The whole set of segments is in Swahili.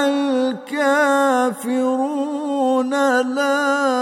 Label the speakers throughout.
Speaker 1: الكافرون لا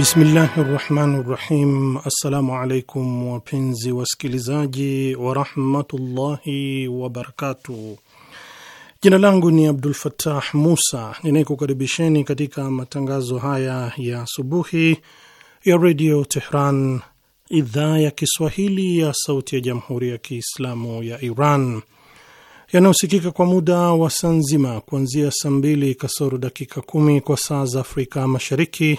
Speaker 2: Bismillahi rahmani rahim. Assalamu alaikum wapenzi wasikilizaji warahmatullahi wabarakatuh. Jina langu ni Abdul Fattah Musa ninayekukaribisheni katika matangazo haya ya subuhi ya redio Tehran, idhaa ya Kiswahili ya sauti ya jamhuri ya Kiislamu ya Iran yanayosikika kwa muda wa saa nzima kuanzia saa mbili kasoro dakika kumi kwa saa za Afrika Mashariki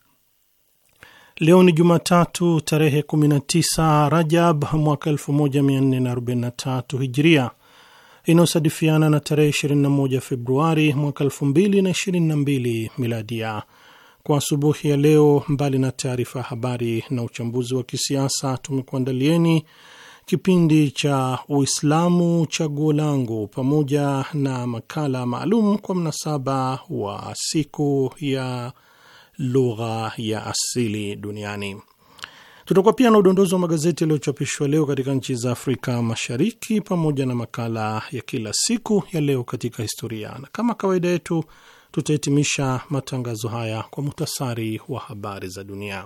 Speaker 2: Leo ni Jumatatu tarehe 19 Rajab mwaka 1443 Hijria inayosadifiana na tarehe 21 Februari mwaka 2022 Miladia. Kwa asubuhi ya leo, mbali na taarifa ya habari na uchambuzi wa kisiasa, tumekuandalieni kipindi cha Uislamu Chaguo Langu pamoja na makala maalum kwa mnasaba wa siku ya lugha ya asili duniani. Tutakuwa pia na udondozi wa magazeti yaliyochapishwa leo katika nchi za Afrika Mashariki, pamoja na makala ya kila siku ya leo katika historia, na kama kawaida yetu tutahitimisha matangazo haya kwa muhtasari wa habari za dunia.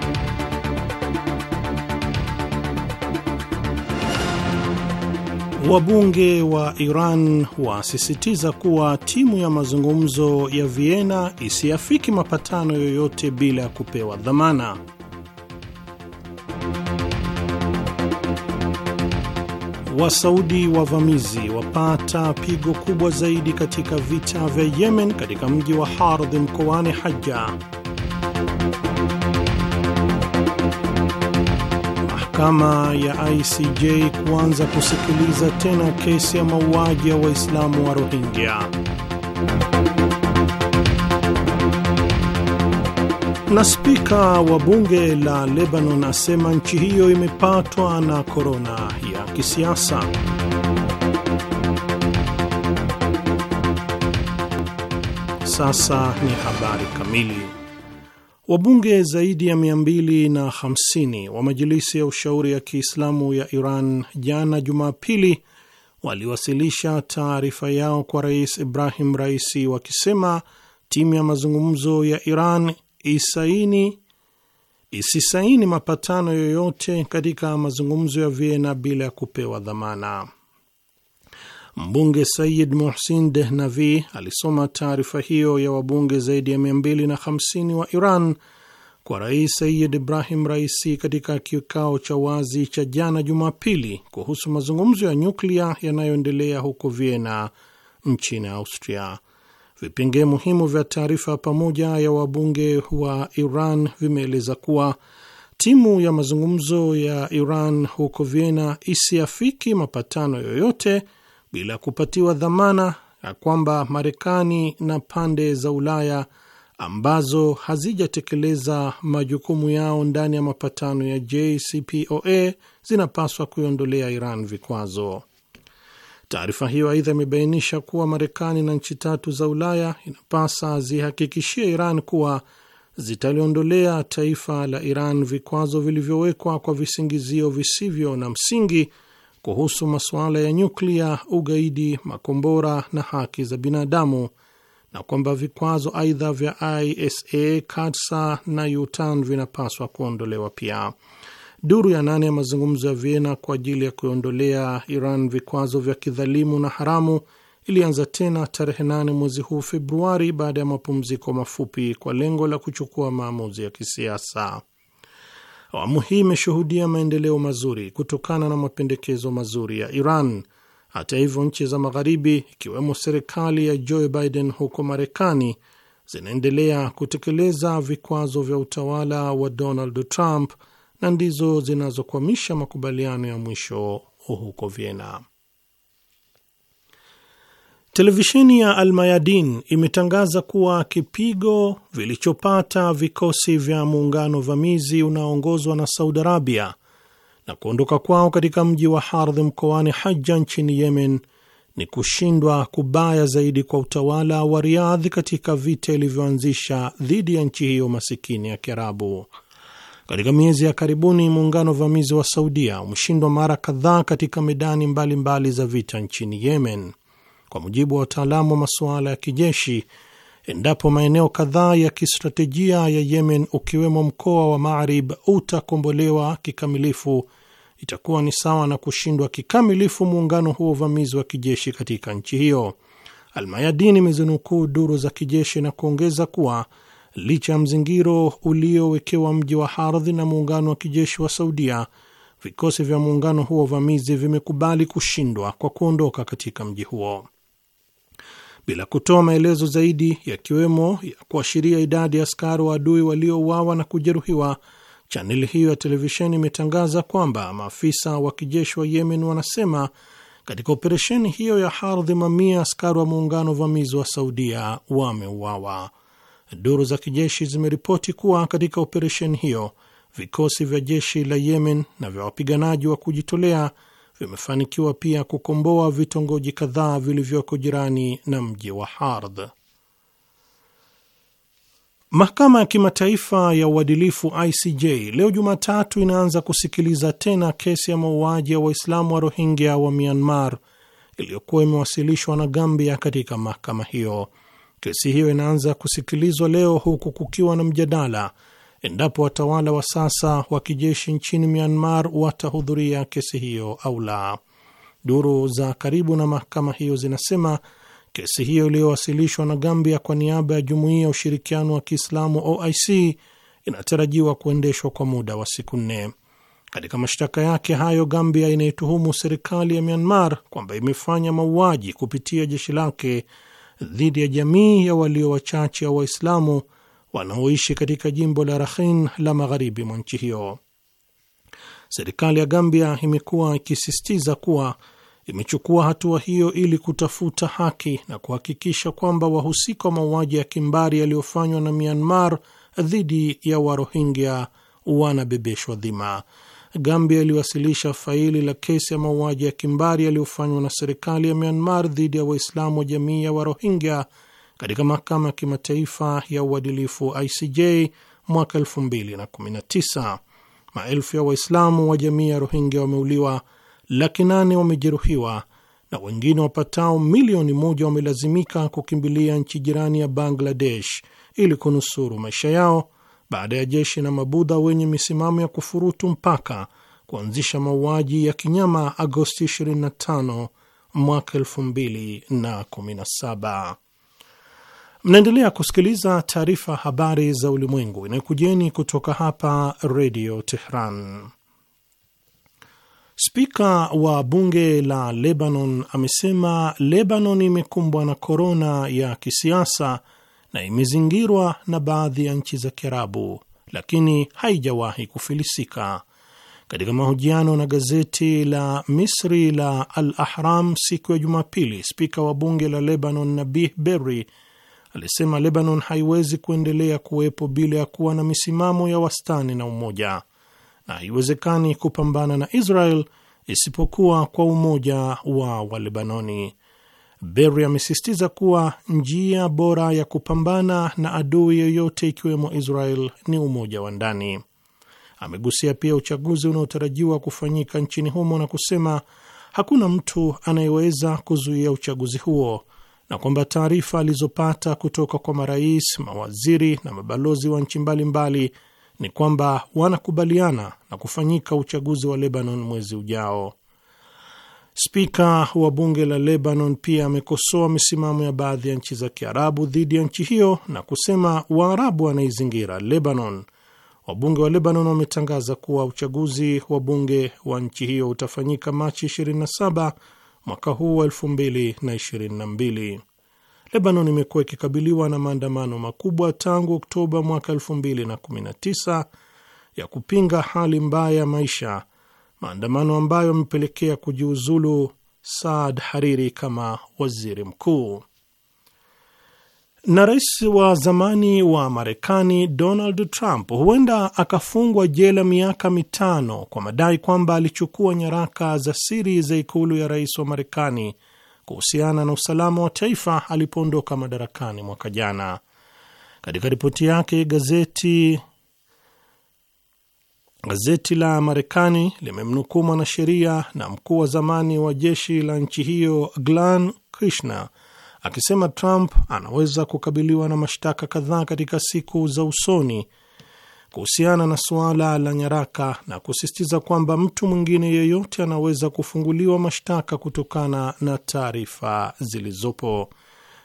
Speaker 2: Wabunge wa Iran wasisitiza kuwa timu ya mazungumzo ya Vienna isiafiki mapatano yoyote bila ya kupewa dhamana. Wasaudi wavamizi wapata pigo kubwa zaidi katika vita vya Yemen katika mji wa hardhi mkoani Haja. mahakama ya ICJ kuanza kusikiliza tena kesi ya mauaji ya Waislamu wa Rohingya. Na spika wa bunge la Lebanon asema nchi hiyo imepatwa na korona ya kisiasa. Sasa ni habari kamili. Wabunge zaidi ya 250 wa Majilisi ya Ushauri ya Kiislamu ya Iran jana Jumapili waliwasilisha taarifa yao kwa Rais Ibrahim Raisi wakisema timu ya mazungumzo ya Iran isaini isisaini mapatano yoyote katika mazungumzo ya Vienna bila ya kupewa dhamana. Mbunge Sayid Muhsin Dehnavi alisoma taarifa hiyo ya wabunge zaidi ya 250 wa Iran kwa Rais Sayid Ibrahim Raisi katika kikao cha wazi cha jana Jumapili kuhusu mazungumzo ya nyuklia yanayoendelea huko Vienna nchini Austria. Vipengee muhimu vya taarifa pamoja ya wabunge wa Iran vimeeleza kuwa timu ya mazungumzo ya Iran huko Vienna isiafiki mapatano yoyote bila kupatiwa dhamana ya kwamba Marekani na pande za Ulaya ambazo hazijatekeleza majukumu yao ndani ya mapatano ya JCPOA zinapaswa kuiondolea Iran vikwazo. Taarifa hiyo aidha imebainisha kuwa Marekani na nchi tatu za Ulaya inapasa zihakikishie Iran kuwa zitaliondolea taifa la Iran vikwazo vilivyowekwa kwa visingizio visivyo na msingi kuhusu masuala ya nyuklia, ugaidi, makombora na haki za binadamu, na kwamba vikwazo aidha vya ISA, Katsa na UTAN vinapaswa kuondolewa pia. Duru ya nane ya mazungumzo ya Vienna kwa ajili ya kuondolea Iran vikwazo vya kidhalimu na haramu ilianza tena tarehe nane mwezi huu Februari, baada ya mapumziko mafupi kwa lengo la kuchukua maamuzi ya kisiasa. Awamu hii imeshuhudia maendeleo mazuri kutokana na mapendekezo mazuri ya Iran. Hata hivyo, nchi za Magharibi, ikiwemo serikali ya Joe Biden huko Marekani, zinaendelea kutekeleza vikwazo vya utawala wa Donald Trump na ndizo zinazokwamisha makubaliano ya mwisho huko Vienna. Televisheni ya Almayadin imetangaza kuwa kipigo vilichopata vikosi vya muungano vamizi unaoongozwa na Saudi Arabia na kuondoka kwao katika mji wa Hardh mkoani haja nchini Yemen ni kushindwa kubaya zaidi kwa utawala wa riadhi katika vita ilivyoanzisha dhidi ya nchi hiyo masikini ya Kiarabu. Katika miezi ya karibuni, muungano vamizi wa Saudia umeshindwa mara kadhaa katika medani mbalimbali mbali za vita nchini Yemen. Kwa mujibu wa wataalamu wa masuala ya kijeshi, endapo maeneo kadhaa ya kistratejia ya Yemen ukiwemo mkoa wa Marib utakombolewa kikamilifu, itakuwa ni sawa na kushindwa kikamilifu muungano huo uvamizi wa kijeshi katika nchi hiyo. almayadin imezinukuu duru za kijeshi na kuongeza kuwa licha ya mzingiro uliowekewa mji wa Hardhi na muungano wa kijeshi wa Saudia, vikosi vya muungano huo uvamizi vimekubali kushindwa kwa kuondoka katika mji huo bila kutoa maelezo zaidi yakiwemo ya, kuashiria idadi ya askari wa adui waliouawa na kujeruhiwa. Chaneli hiyo ya televisheni imetangaza kwamba maafisa wa kijeshi wa Yemen wanasema katika operesheni hiyo ya hardhi mamia askari wa muungano vamizi wa Saudia wameuawa. Duru za kijeshi zimeripoti kuwa katika operesheni hiyo vikosi vya jeshi la Yemen na vya wapiganaji wa kujitolea vimefanikiwa pia kukomboa vitongoji kadhaa vilivyoko jirani na mji wa Hard. Mahakama ya Kimataifa ya Uadilifu ICJ leo Jumatatu inaanza kusikiliza tena kesi ya mauaji ya Waislamu wa Rohingya wa Myanmar iliyokuwa imewasilishwa na Gambia katika mahakama hiyo. Kesi hiyo inaanza kusikilizwa leo huku kukiwa na mjadala endapo watawala wa sasa wa kijeshi nchini Myanmar watahudhuria kesi hiyo au la. Duru za karibu na mahakama hiyo zinasema kesi hiyo iliyowasilishwa na Gambia kwa niaba ya Jumuiya ya Ushirikiano wa Kiislamu OIC inatarajiwa kuendeshwa kwa muda wa siku nne. Katika mashtaka yake hayo, Gambia inaituhumu serikali ya Myanmar kwamba imefanya mauaji kupitia jeshi lake dhidi ya jamii ya walio wachache wa Waislamu wanaoishi katika jimbo la Rakhine la magharibi mwa nchi hiyo. Serikali ya Gambia imekuwa ikisisitiza kuwa imechukua hatua hiyo ili kutafuta haki na kuhakikisha kwamba wahusika wa mauaji ya kimbari yaliyofanywa na Myanmar dhidi ya Warohingya wanabebeshwa dhima. Gambia iliwasilisha faili la kesi ya mauaji ya kimbari yaliyofanywa na serikali ya Myanmar dhidi ya Waislamu wa jamii ya Warohingya katika mahakama ya kimataifa ya uadilifu ICJ mwaka 2019. Maelfu ya Waislamu wa jamii ya Rohingya wameuliwa, laki nane wamejeruhiwa na wengine wapatao milioni moja wamelazimika kukimbilia nchi jirani ya Bangladesh ili kunusuru maisha yao baada ya jeshi na mabudha wenye misimamo ya kufurutu mpaka kuanzisha mauaji ya kinyama Agosti 25 mwaka 2017. Mnaendelea kusikiliza taarifa habari za ulimwengu inayokujeni kutoka hapa redio Tehran. Spika wa bunge la Lebanon amesema Lebanon imekumbwa na korona ya kisiasa na imezingirwa na baadhi ya nchi za Kiarabu, lakini haijawahi kufilisika. Katika mahojiano na gazeti la Misri la Al Ahram siku ya Jumapili, spika wa bunge la Lebanon Nabih Berri alisema Lebanon haiwezi kuendelea kuwepo bila ya kuwa na misimamo ya wastani na umoja, na haiwezekani kupambana na Israel isipokuwa kwa umoja wa Walebanoni. Berri amesisitiza kuwa njia bora ya kupambana na adui yoyote ikiwemo Israel ni umoja wa ndani. Amegusia pia uchaguzi unaotarajiwa kufanyika nchini humo na kusema hakuna mtu anayeweza kuzuia uchaguzi huo na kwamba taarifa alizopata kutoka kwa marais, mawaziri na mabalozi wa nchi mbalimbali ni kwamba wanakubaliana na kufanyika uchaguzi wa Lebanon mwezi ujao. Spika wa bunge la Lebanon pia amekosoa misimamo ya baadhi ya nchi za Kiarabu dhidi ya nchi hiyo na kusema Waarabu wanaizingira Lebanon. Wabunge wa Lebanon wametangaza kuwa uchaguzi wa bunge wa nchi hiyo utafanyika Machi 27 mwaka huu wa mbili. Lebanon imekuwa ikikabiliwa na maandamano makubwa tangu Oktoba mwaka tisa ya kupinga hali mbaya ya maisha, maandamano ambayo yamepelekea kujiuzulu Saad Hariri kama waziri mkuu na rais wa zamani wa Marekani Donald Trump huenda akafungwa jela miaka mitano kwa madai kwamba alichukua nyaraka za siri za ikulu ya rais wa Marekani kuhusiana na usalama wa taifa alipoondoka madarakani mwaka jana. Katika ripoti yake gazeti gazeti la Marekani limemnukuu mwanasheria na mkuu wa zamani wa jeshi la nchi hiyo Glenn Krishna akisema Trump anaweza kukabiliwa na mashtaka kadhaa katika siku za usoni kuhusiana na suala la nyaraka na kusisitiza kwamba mtu mwingine yeyote anaweza kufunguliwa mashtaka kutokana na taarifa zilizopo.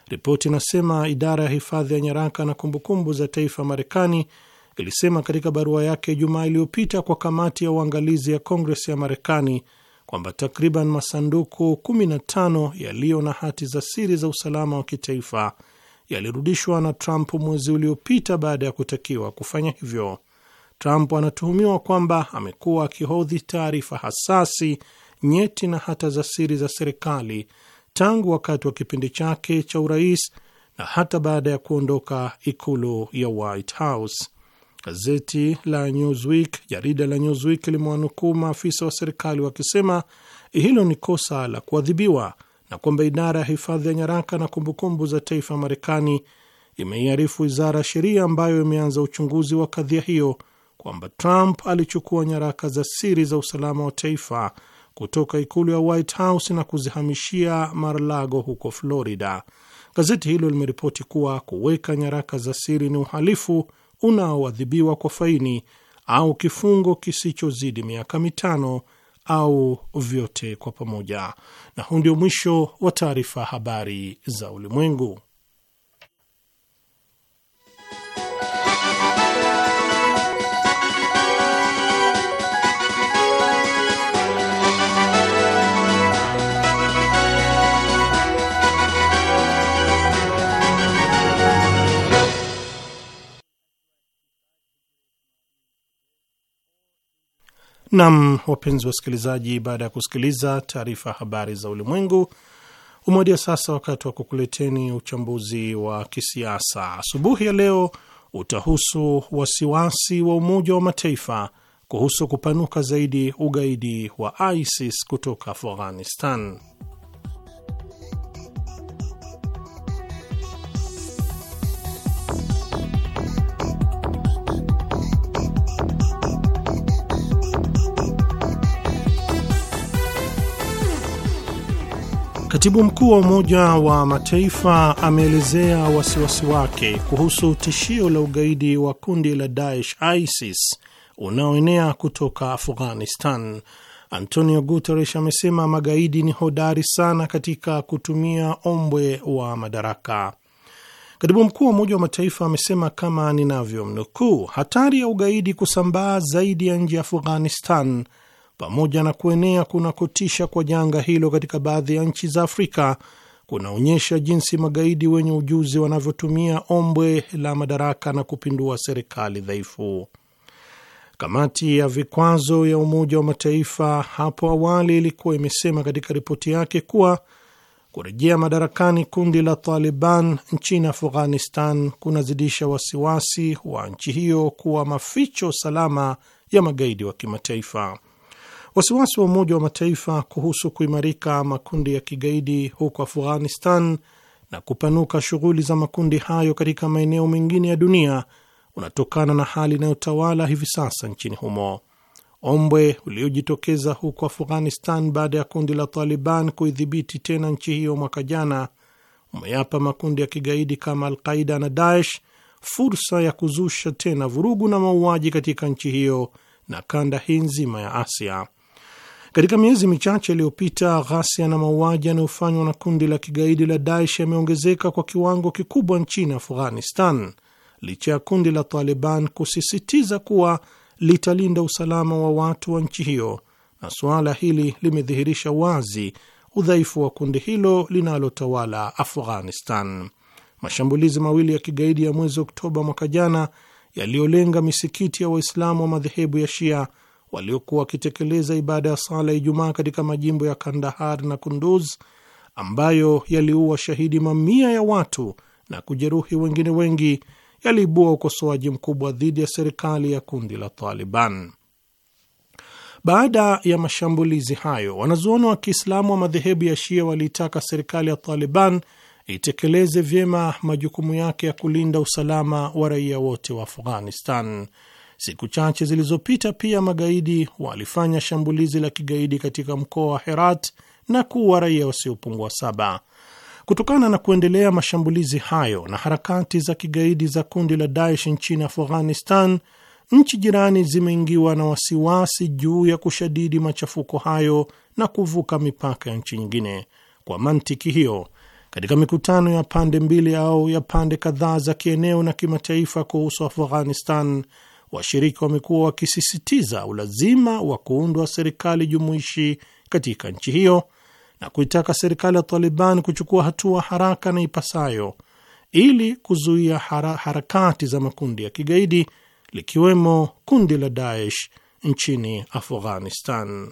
Speaker 2: Ripoti inasema idara ya hifadhi ya nyaraka na kumbukumbu za taifa Marekani ilisema katika barua yake jumaa iliyopita kwa kamati ya uangalizi ya Kongres ya Marekani kwamba takriban masanduku 15 yaliyo na hati za siri za usalama wa kitaifa yalirudishwa na Trump mwezi uliopita baada ya kutakiwa kufanya hivyo. Trump anatuhumiwa kwamba amekuwa akihodhi taarifa hasasi, nyeti na hata za siri za serikali tangu wakati wa kipindi chake cha urais na hata baada ya kuondoka ikulu ya White House. Gazeti la Newsweek, jarida la Newsweek limewanukuu maafisa wa serikali wakisema hilo ni kosa la kuadhibiwa na kwamba idara ya hifadhi ya nyaraka na kumbukumbu za taifa ya Marekani imeiarifu wizara ya sheria ambayo imeanza uchunguzi wa kadhia hiyo kwamba Trump alichukua nyaraka za siri za usalama wa taifa kutoka ikulu ya White House na kuzihamishia Mar-a-Lago huko Florida. Gazeti hilo limeripoti kuwa kuweka nyaraka za siri ni uhalifu unaoadhibiwa kwa faini au kifungo kisichozidi miaka mitano au vyote kwa pamoja. Na huu ndio mwisho wa taarifa habari za ulimwengu. Nam, wapenzi wasikilizaji, baada ya kusikiliza taarifa habari za ulimwengu, umewadia sasa wakati wa kukuleteni uchambuzi wa kisiasa asubuhi ya leo. Utahusu wasiwasi wa Umoja wa Mataifa kuhusu kupanuka zaidi ugaidi wa ISIS kutoka Afghanistan. Katibu mkuu wa Umoja wa Mataifa ameelezea wasiwasi wake kuhusu tishio la ugaidi wa kundi la Daesh ISIS unaoenea kutoka Afghanistan. Antonio Guterres amesema magaidi ni hodari sana katika kutumia ombwe wa madaraka. Katibu mkuu wa Umoja wa Mataifa amesema kama ninavyomnukuu, hatari ya ugaidi kusambaa zaidi ya nje ya Afghanistan pamoja na kuenea kunakotisha kwa janga hilo katika baadhi ya nchi za Afrika kunaonyesha jinsi magaidi wenye ujuzi wanavyotumia ombwe la madaraka na kupindua serikali dhaifu. Kamati ya vikwazo ya Umoja wa Mataifa hapo awali ilikuwa imesema katika ripoti yake kuwa kurejea madarakani kundi la Taliban nchini Afghanistan kunazidisha wasiwasi wa nchi hiyo kuwa maficho salama ya magaidi wa kimataifa. Wasiwasi wa Umoja wa Mataifa kuhusu kuimarika makundi ya kigaidi huko Afghanistan na kupanuka shughuli za makundi hayo katika maeneo mengine ya dunia unatokana na hali inayotawala hivi sasa nchini humo. Ombwe uliojitokeza huko Afghanistan baada ya kundi la Taliban kuidhibiti tena nchi hiyo mwaka jana umeyapa makundi ya kigaidi kama Alqaida na Daesh fursa ya kuzusha tena vurugu na mauaji katika nchi hiyo na kanda hii nzima ya Asia. Katika miezi michache iliyopita, ghasia na mauaji yanayofanywa na kundi la kigaidi la Daesh yameongezeka kwa kiwango kikubwa nchini Afghanistan, licha ya kundi la Taliban kusisitiza kuwa litalinda usalama wa watu wa nchi hiyo, na suala hili limedhihirisha wazi udhaifu wa kundi hilo linalotawala Afghanistan. Mashambulizi mawili ya kigaidi ya mwezi Oktoba mwaka jana yaliyolenga misikiti ya Waislamu wa madhehebu ya Shia waliokuwa wakitekeleza ibada ya sala ya Ijumaa katika majimbo ya Kandahar na Kunduz ambayo yaliua shahidi mamia ya watu na kujeruhi wengine wengi yaliibua ukosoaji mkubwa dhidi ya serikali ya kundi la Taliban. Baada ya mashambulizi hayo, wanazuoni wa Kiislamu wa madhehebu ya Shia waliitaka serikali ya Taliban itekeleze vyema majukumu yake ya kulinda usalama wa raia wote wa Afghanistan. Siku chache zilizopita pia magaidi walifanya shambulizi la kigaidi katika mkoa wa Herat na kuua raia wasiopungua saba. Kutokana na kuendelea mashambulizi hayo na harakati za kigaidi za kundi la Daesh nchini Afghanistan, nchi jirani zimeingiwa na wasiwasi juu ya kushadidi machafuko hayo na kuvuka mipaka ya nchi nyingine. Kwa mantiki hiyo, katika mikutano ya pande mbili au ya pande kadhaa za kieneo na kimataifa kuhusu Afghanistan, washirika wamekuwa wakisisitiza ulazima wa kuundwa serikali jumuishi katika nchi hiyo na kuitaka serikali ya Taliban kuchukua hatua haraka na ipasayo ili kuzuia hara, harakati za makundi ya kigaidi likiwemo kundi la Daesh nchini Afghanistan.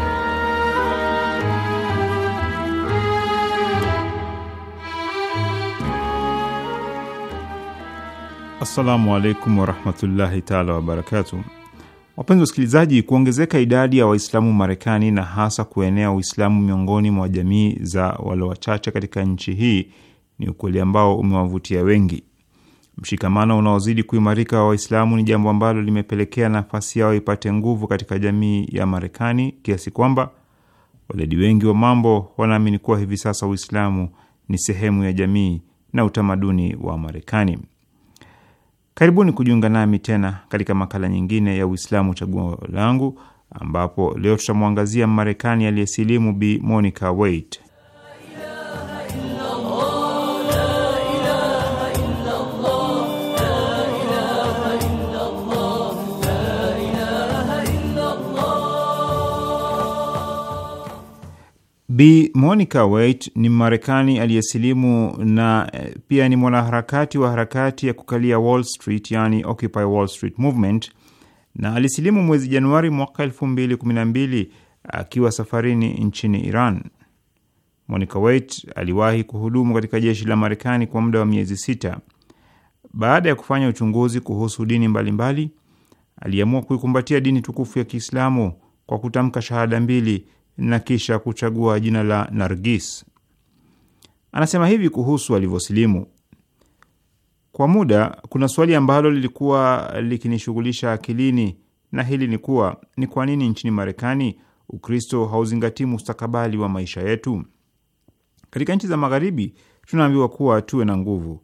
Speaker 3: Assalamu alaikum warahmatullahi taala wabarakatu. Wapenzi wasikilizaji, kuongezeka idadi ya Waislamu Marekani na hasa kuenea Uislamu miongoni mwa jamii za walo wachache katika nchi hii ni ukweli ambao umewavutia wengi. Mshikamano unaozidi kuimarika wa Waislamu ni jambo ambalo limepelekea nafasi yao ipate nguvu katika jamii ya Marekani kiasi kwamba waledi wengi wa mambo wanaamini kuwa hivi sasa Uislamu ni sehemu ya jamii na utamaduni wa Marekani. Karibuni kujiunga nami tena katika makala nyingine ya Uislamu Chaguo Langu, ambapo leo tutamwangazia marekani aliyesilimu Bi Monica Wait. Bi Monica Wait ni marekani aliyesilimu na eh, pia ni mwanaharakati wa harakati ya kukalia Wall Street, yani Occupy Wall Street Movement, na alisilimu mwezi Januari mwaka 2012 akiwa safarini nchini Iran. Monica Wait aliwahi kuhudumu katika jeshi la Marekani kwa muda wa miezi sita. Baada ya kufanya uchunguzi kuhusu dini mbalimbali, aliamua kuikumbatia dini tukufu ya Kiislamu kwa kutamka shahada mbili na kisha kuchagua jina la Nargis. Anasema hivi kuhusu alivyosilimu: kwa muda kuna swali ambalo lilikuwa likinishughulisha akilini, na hili ni kuwa ni kwa nini nchini Marekani Ukristo hauzingatii mustakabali wa maisha yetu. Katika nchi za Magharibi tunaambiwa kuwa tuwe na nguvu,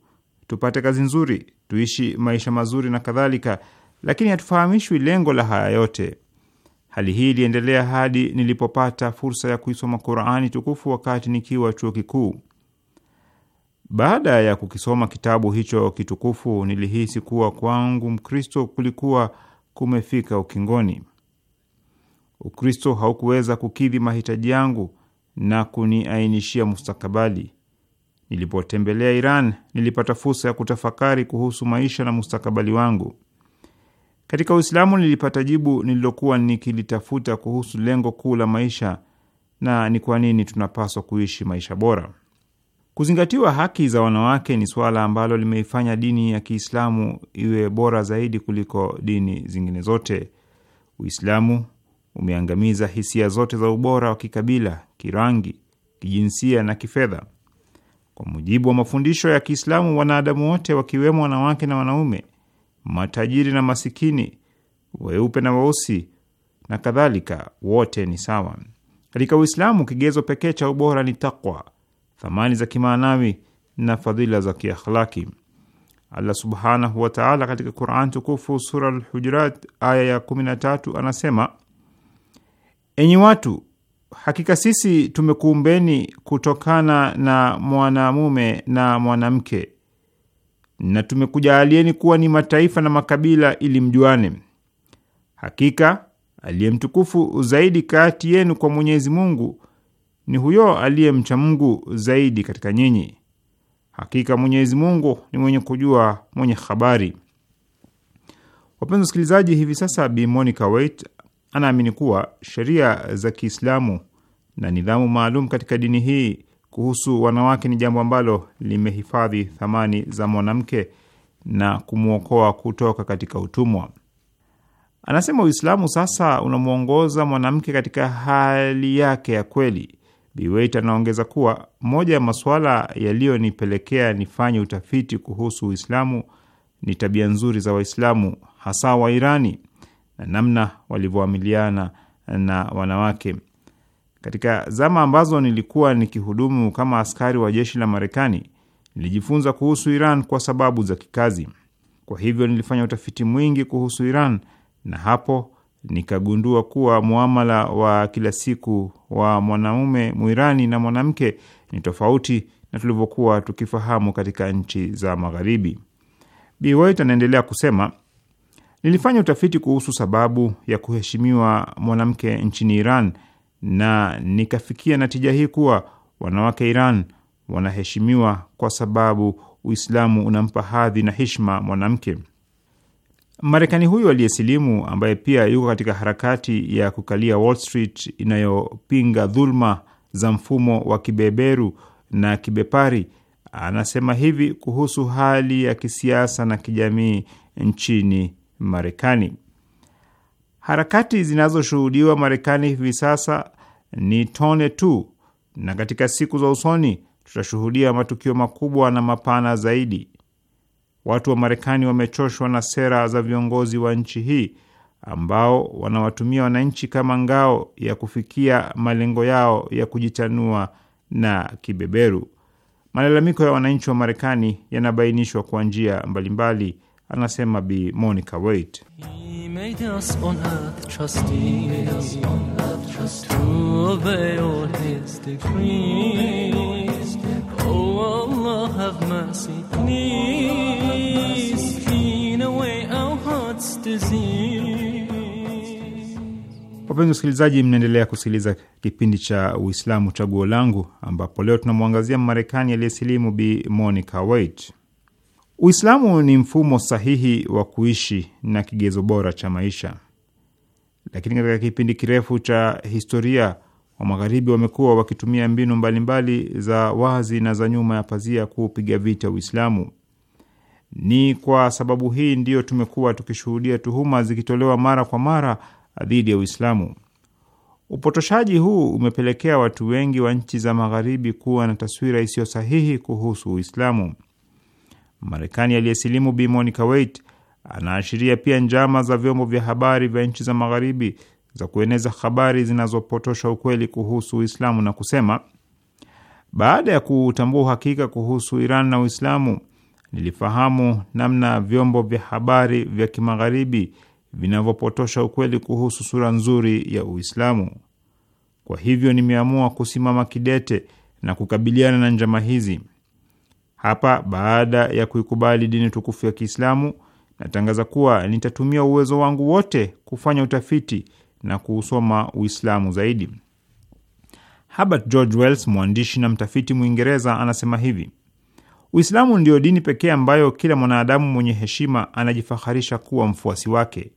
Speaker 3: tupate kazi nzuri, tuishi maisha mazuri na kadhalika, lakini hatufahamishwi lengo la haya yote. Hali hii iliendelea hadi nilipopata fursa ya kuisoma Qurani tukufu wakati nikiwa chuo kikuu. Baada ya kukisoma kitabu hicho kitukufu, nilihisi kuwa kwangu Mkristo kulikuwa kumefika ukingoni. Ukristo haukuweza kukidhi mahitaji yangu na kuniainishia mustakabali. Nilipotembelea Iran, nilipata fursa ya kutafakari kuhusu maisha na mustakabali wangu. Katika Uislamu nilipata jibu nililokuwa nikilitafuta kuhusu lengo kuu la maisha na ni kwa nini tunapaswa kuishi maisha bora. Kuzingatiwa haki za wanawake ni suala ambalo limeifanya dini ya Kiislamu iwe bora zaidi kuliko dini zingine zote. Uislamu umeangamiza hisia zote za ubora wa kikabila, kirangi, kijinsia na kifedha. Kwa mujibu wa mafundisho ya Kiislamu, wanadamu wote wakiwemo wanawake na wanaume matajiri na masikini, weupe na weusi na kadhalika, wote ni sawa katika Uislamu. Kigezo pekee cha ubora ni takwa, thamani za kimaanawi na fadhila za kiakhlaki. Allah subhanahu wataala katika Quran tukufu sura al aya ya 13 anasema: enyi watu, hakika sisi tumekuumbeni kutokana na mwanamume na mwanamke na tumekujaalieni kuwa ni mataifa na makabila ili mjuane. Hakika aliye mtukufu zaidi kati yenu kwa Mwenyezi Mungu ni huyo aliyemcha Mungu zaidi katika nyinyi. Hakika Mwenyezi Mungu ni mwenye kujua, mwenye habari. Wapenzi wasikilizaji, hivi sasa Bi Monica Wait anaamini kuwa sheria za Kiislamu na nidhamu maalum katika dini hii kuhusu wanawake ni jambo ambalo limehifadhi thamani za mwanamke na kumwokoa kutoka katika utumwa. Anasema Uislamu sasa unamwongoza mwanamke katika hali yake ya kweli. Biweit anaongeza kuwa moja ya masuala yaliyonipelekea nifanye utafiti kuhusu Uislamu ni tabia nzuri za Waislamu, hasa Wairani na namna walivyoamiliana na wanawake. Katika zama ambazo nilikuwa nikihudumu kama askari wa jeshi la Marekani, nilijifunza kuhusu Iran kwa sababu za kikazi. Kwa hivyo nilifanya utafiti mwingi kuhusu Iran na hapo nikagundua kuwa muamala wa kila siku wa mwanaume Mwirani na mwanamke ni tofauti na tulivyokuwa tukifahamu katika nchi za Magharibi. Bi White anaendelea kusema, nilifanya utafiti kuhusu sababu ya kuheshimiwa mwanamke nchini Iran na nikafikia natija hii kuwa wanawake Iran wanaheshimiwa kwa sababu Uislamu unampa hadhi na hishma mwanamke. Marekani huyu aliyesilimu ambaye pia yuko katika harakati ya kukalia Wall Street inayopinga dhuluma za mfumo wa kibeberu na kibepari anasema hivi kuhusu hali ya kisiasa na kijamii nchini Marekani. Harakati zinazoshuhudiwa Marekani hivi sasa ni tone tu, na katika siku za usoni tutashuhudia matukio makubwa na mapana zaidi. Watu wa Marekani wamechoshwa na sera za viongozi wa nchi hii ambao wanawatumia wananchi kama ngao ya kufikia malengo yao ya kujitanua na kibeberu. Malalamiko ya wananchi wa Marekani yanabainishwa kwa njia mbalimbali anasema Bi Monica Wait.
Speaker 1: Oh,
Speaker 3: Wapenzi wasikilizaji, mnaendelea kusikiliza kipindi cha Uislamu Chaguo Langu, ambapo leo tunamwangazia marekani aliyesilimu Bi Monica Wait. Uislamu ni mfumo sahihi wa kuishi na kigezo bora cha maisha, lakini katika kipindi kirefu cha historia wa Magharibi wamekuwa wakitumia mbinu mbalimbali mbali za wazi na za nyuma ya pazia kuupiga vita Uislamu. Ni kwa sababu hii ndiyo tumekuwa tukishuhudia tuhuma zikitolewa mara kwa mara dhidi ya Uislamu. Upotoshaji huu umepelekea watu wengi wa nchi za Magharibi kuwa na taswira isiyo sahihi kuhusu Uislamu. Marekani aliyesilimu Bi Monica Wait anaashiria pia njama za vyombo vya habari vya nchi za Magharibi za kueneza habari zinazopotosha ukweli kuhusu Uislamu na kusema, baada ya kutambua uhakika kuhusu Iran na Uislamu, nilifahamu namna vyombo vya habari vya kimagharibi vinavyopotosha ukweli kuhusu sura nzuri ya Uislamu. Kwa hivyo nimeamua kusimama kidete na kukabiliana na njama hizi. Hapa, baada ya kuikubali dini tukufu ya Kiislamu, natangaza kuwa nitatumia uwezo wangu wote kufanya utafiti na kuusoma Uislamu zaidi. Herbert George Wells, mwandishi na mtafiti Mwingereza, anasema hivi: Uislamu ndio dini pekee ambayo kila mwanadamu mwenye heshima anajifaharisha kuwa mfuasi wake.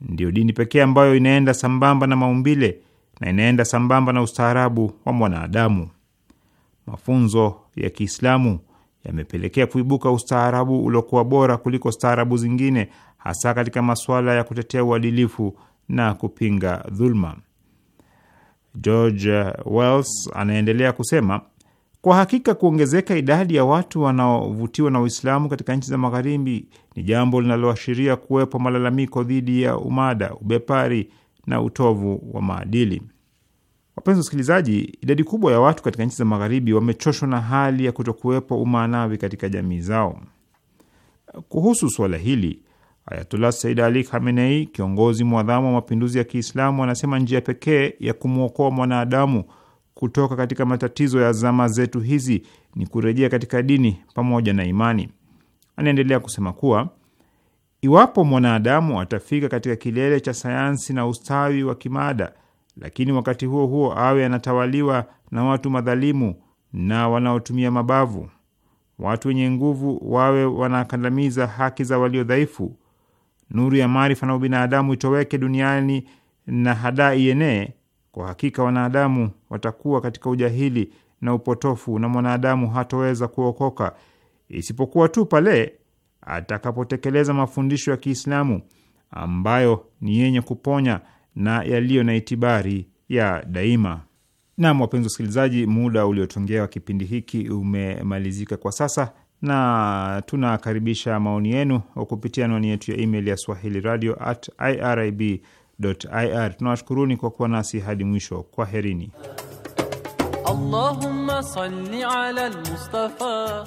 Speaker 3: Ndiyo dini pekee ambayo inaenda sambamba na maumbile na inaenda sambamba na ustaarabu wa mwanadamu. Mafunzo ya Kiislamu yamepelekea kuibuka ustaarabu uliokuwa bora kuliko staarabu zingine, hasa katika masuala ya kutetea uadilifu na kupinga dhuluma. George Wells anaendelea kusema, kwa hakika kuongezeka idadi ya watu wanaovutiwa na Uislamu katika nchi za magharibi ni jambo linaloashiria kuwepo malalamiko dhidi ya umada, ubepari na utovu wa maadili. Wapenzi wasikilizaji, idadi kubwa ya watu katika nchi za magharibi wamechoshwa na hali ya kutokuwepo umaanawi katika jamii zao. Kuhusu suala hili, Ayatullah Said Ali Khamenei, kiongozi mwadhamu wa mapinduzi ya Kiislamu, anasema njia pekee ya kumwokoa mwanadamu kutoka katika matatizo ya zama zetu hizi ni kurejea katika dini pamoja na imani. Anaendelea kusema kuwa iwapo mwanadamu atafika katika kilele cha sayansi na ustawi wa kimaada lakini wakati huo huo awe anatawaliwa na watu madhalimu na wanaotumia mabavu. Watu wenye nguvu wawe wanakandamiza haki za walio dhaifu. Nuru ya maarifa na ubinadamu itoweke duniani na hadaa ienee. Kwa hakika wanadamu watakuwa katika ujahili na upotofu, na mwanadamu hatoweza kuokoka isipokuwa tu pale atakapotekeleza mafundisho ya Kiislamu ambayo ni yenye kuponya na yaliyo na itibari ya daima. Nam, wapenzi wasikilizaji, muda wa kipindi hiki umemalizika kwa sasa, na tunakaribisha maoni yenu kupitia anwani yetu ya email ya swahili radio at irib ir. Tunawashukuruni kwa kuwa nasi hadi mwisho. Kwaherini.
Speaker 1: Allahumma salli ala al-Mustafa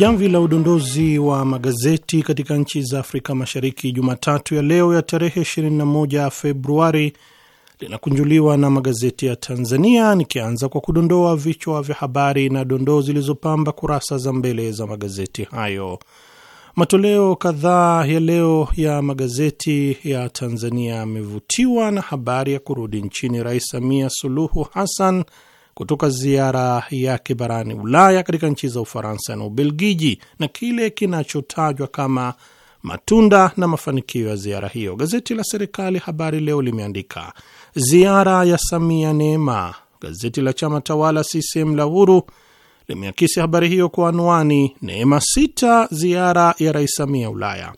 Speaker 2: Jamvi la udondozi wa magazeti katika nchi za Afrika Mashariki Jumatatu ya leo ya tarehe 21 Februari linakunjuliwa na magazeti ya Tanzania, nikianza kwa kudondoa vichwa vya habari na dondoo zilizopamba kurasa za mbele za magazeti hayo. Matoleo kadhaa ya leo ya magazeti ya Tanzania yamevutiwa na habari ya kurudi nchini Rais Samia Suluhu Hassan kutoka ziara yake barani Ulaya katika nchi za Ufaransa na Ubelgiji na kile kinachotajwa kama matunda na mafanikio ya ziara hiyo. Gazeti la serikali Habari Leo limeandika ziara ya Samia neema. Gazeti la chama tawala CCM la Uhuru limeakisi habari hiyo kwa anwani neema sita ziara ya Rais Samia Ulaya.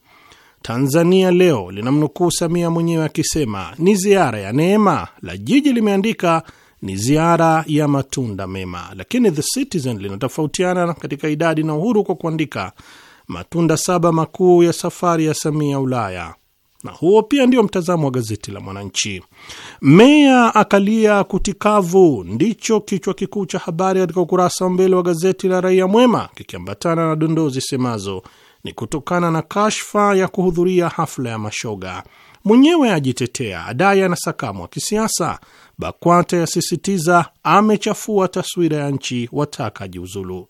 Speaker 2: Tanzania Leo linamnukuu Samia mwenyewe akisema ni ziara ya neema. La Jiji limeandika ni ziara ya matunda mema, lakini The Citizen linatofautiana katika idadi na uhuru kwa kuandika matunda saba makuu ya safari ya Samia Ulaya, na huo pia ndio mtazamo wa gazeti la Mwananchi. Meya akalia kutikavu, ndicho kichwa kikuu cha habari katika ukurasa wa mbele wa gazeti la Raia Mwema, kikiambatana na dondoo zisemazo ni kutokana na kashfa ya kuhudhuria hafla ya mashoga mwenyewe ajitetea, adai anasakamwa kisiasa. Bakwata yasisitiza amechafua taswira ya nchi, wataka jiuzulu.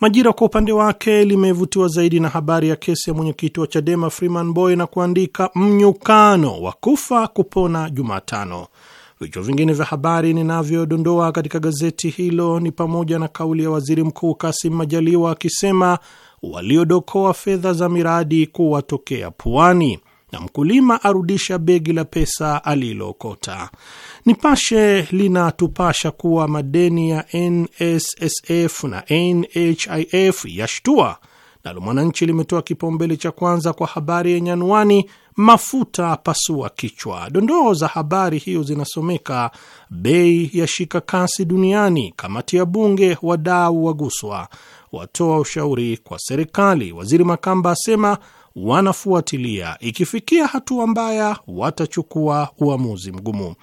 Speaker 2: Majira kwa upande wake limevutiwa zaidi na habari ya kesi ya mwenyekiti wa Chadema Freeman Boy na kuandika mnyukano wa kufa kupona Jumatano. Vichwa vingine vya habari ninavyodondoa katika gazeti hilo ni pamoja na kauli ya waziri mkuu Kasim Majaliwa akisema waliodokoa fedha za miradi kuwatokea puani, na mkulima arudisha begi la pesa alilookota. Nipashe linatupasha kuwa madeni ya NSSF na NHIF yashtua. Nalo Mwananchi limetoa kipaumbele cha kwanza kwa habari yenye anwani mafuta pasua kichwa. Dondoo za habari hiyo zinasomeka: bei ya shika kasi duniani, kamati ya bunge, wadau waguswa, watoa ushauri kwa serikali, waziri Makamba asema wanafuatilia, ikifikia hatua mbaya watachukua uamuzi mgumu.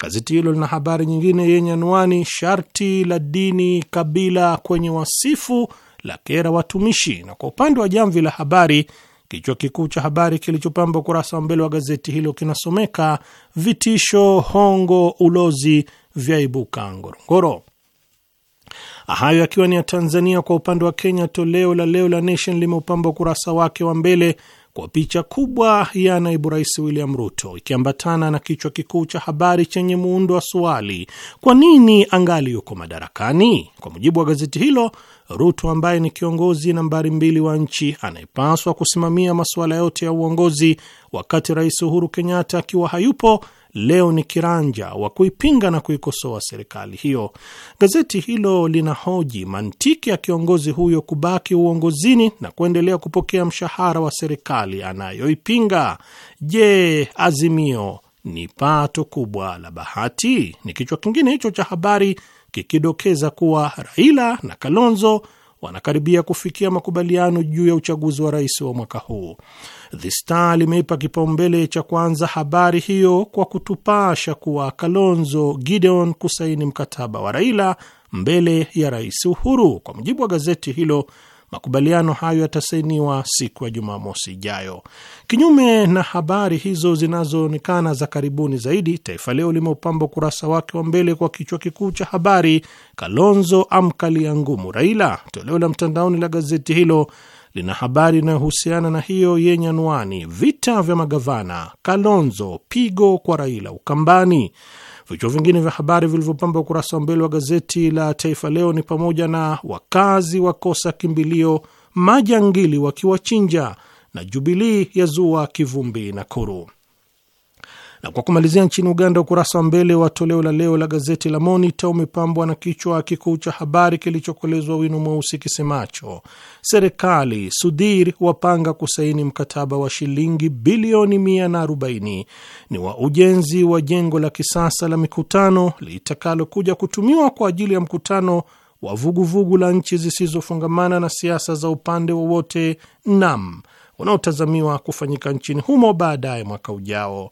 Speaker 2: Gazeti hilo lina habari nyingine yenye anwani sharti la dini kabila kwenye wasifu la kera watumishi, na kwa upande wa Jamvi la Habari, kichwa kikuu cha habari kilichopamba ukurasa wa mbele wa gazeti hilo kinasomeka vitisho hongo ulozi vyaibuka Ngorongoro. Hayo yakiwa ni ya Tanzania. Kwa upande wa Kenya, toleo la leo la Nation limeupamba ukurasa wake wa mbele kwa picha kubwa ya naibu rais William Ruto ikiambatana na kichwa kikuu cha habari chenye muundo wa swali, kwa nini angali yuko madarakani? Kwa mujibu wa gazeti hilo, Ruto ambaye ni kiongozi nambari mbili wa nchi anayepaswa kusimamia masuala yote ya uongozi, wakati rais Uhuru Kenyatta akiwa hayupo, leo ni kiranja wa kuipinga na kuikosoa serikali hiyo. Gazeti hilo linahoji mantiki ya kiongozi huyo kubaki uongozini na kuendelea kupokea mshahara wa serikali anayoipinga. Je, Azimio ni pato kubwa la bahati? Ni kichwa kingine hicho cha habari kikidokeza kuwa Raila na Kalonzo wanakaribia kufikia makubaliano juu ya uchaguzi wa rais wa mwaka huu. The Star limeipa kipaumbele cha kwanza habari hiyo kwa kutupasha kuwa Kalonzo Gideon kusaini mkataba wa Raila mbele ya Rais Uhuru. Kwa mujibu wa gazeti hilo, Makubaliano hayo yatasainiwa siku ya Jumamosi ijayo. Kinyume na habari hizo zinazoonekana za karibuni zaidi, Taifa Leo limeupamba ukurasa wake wa mbele kwa kichwa kikuu cha habari, Kalonzo amkalia ngumu Raila. Toleo la mtandaoni la gazeti hilo lina habari inayohusiana na hiyo yenye anwani, vita vya magavana, Kalonzo pigo kwa Raila Ukambani. Vichwa vingine vya habari vilivyopamba ukurasa wa mbele wa gazeti la Taifa Leo ni pamoja na wakazi wakosa kimbilio, majangili wakiwachinja, na Jubilii yazua kivumbi Nakuru. Na kwa kumalizia, nchini Uganda, ukurasa wa mbele wa toleo la leo la gazeti la Monita umepambwa na kichwa kikuu cha habari kilichokolezwa wino mweusi kisemacho, serikali Sudhir wapanga kusaini mkataba wa shilingi bilioni 140 ni wa ujenzi wa jengo la kisasa la mikutano litakalokuja kutumiwa kwa ajili ya mkutano wa vuguvugu la nchi zisizofungamana na siasa za upande wowote NAM unaotazamiwa kufanyika nchini humo baadaye mwaka ujao.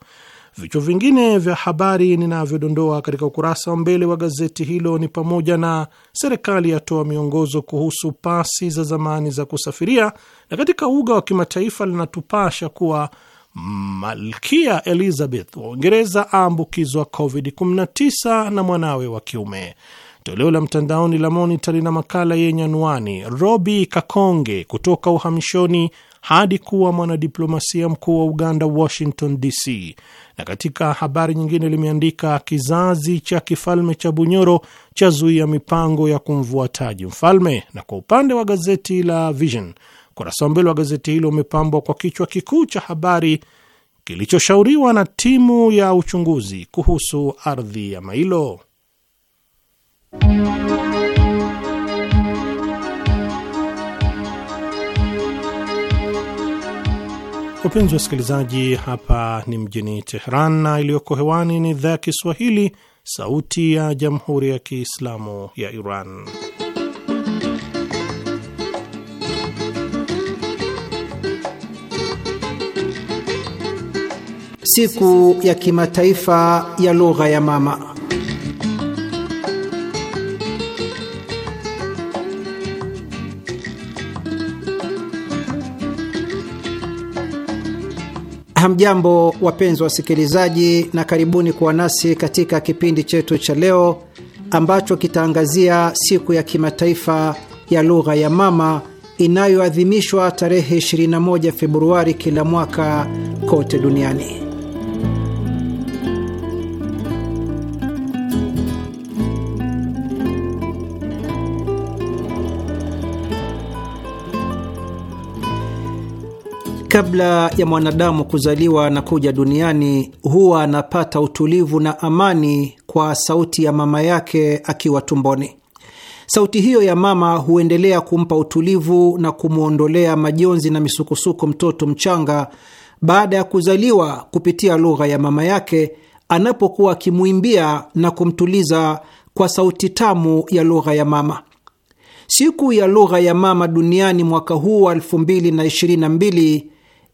Speaker 2: Vichwa vingine vya habari ninavyodondoa katika ukurasa wa mbele wa gazeti hilo ni pamoja na serikali yatoa miongozo kuhusu pasi za zamani za kusafiria, na katika uga wa kimataifa linatupasha kuwa Malkia Elizabeth wa Uingereza aambukizwa COVID-19 na mwanawe wa kiume. Toleo la mtandaoni la Monitor lina makala yenye anwani Robi Kakonge kutoka uhamishoni hadi kuwa mwanadiplomasia mkuu wa Uganda, Washington DC. Na katika habari nyingine limeandika kizazi cha kifalme cha Bunyoro cha zuia mipango ya kumvua taji mfalme. Na kwa upande wa gazeti la Vision, ukurasa wa mbele wa gazeti hilo umepambwa kwa kichwa kikuu cha habari kilichoshauriwa na timu ya uchunguzi kuhusu ardhi ya Mailo. Wapenzi wasikilizaji, hapa ni mjini Teheran na iliyoko hewani ni idhaa ya Kiswahili, Sauti ya Jamhuri ya Kiislamu ya Iran.
Speaker 4: Siku ya Kimataifa ya Lugha ya Mama. Hamjambo, wapenzi wasikilizaji, na karibuni kuwa nasi katika kipindi chetu cha leo ambacho kitaangazia siku ya kimataifa ya lugha ya mama inayoadhimishwa tarehe 21 Februari kila mwaka kote duniani. Kabla ya mwanadamu kuzaliwa na kuja duniani, huwa anapata utulivu na amani kwa sauti ya mama yake akiwa tumboni. Sauti hiyo ya mama huendelea kumpa utulivu na kumwondolea majonzi na misukosuko mtoto mchanga baada ya kuzaliwa, kupitia lugha ya mama yake anapokuwa akimwimbia na kumtuliza kwa sauti tamu ya lugha ya mama. Siku ya lugha ya mama duniani mwaka huu wa 2022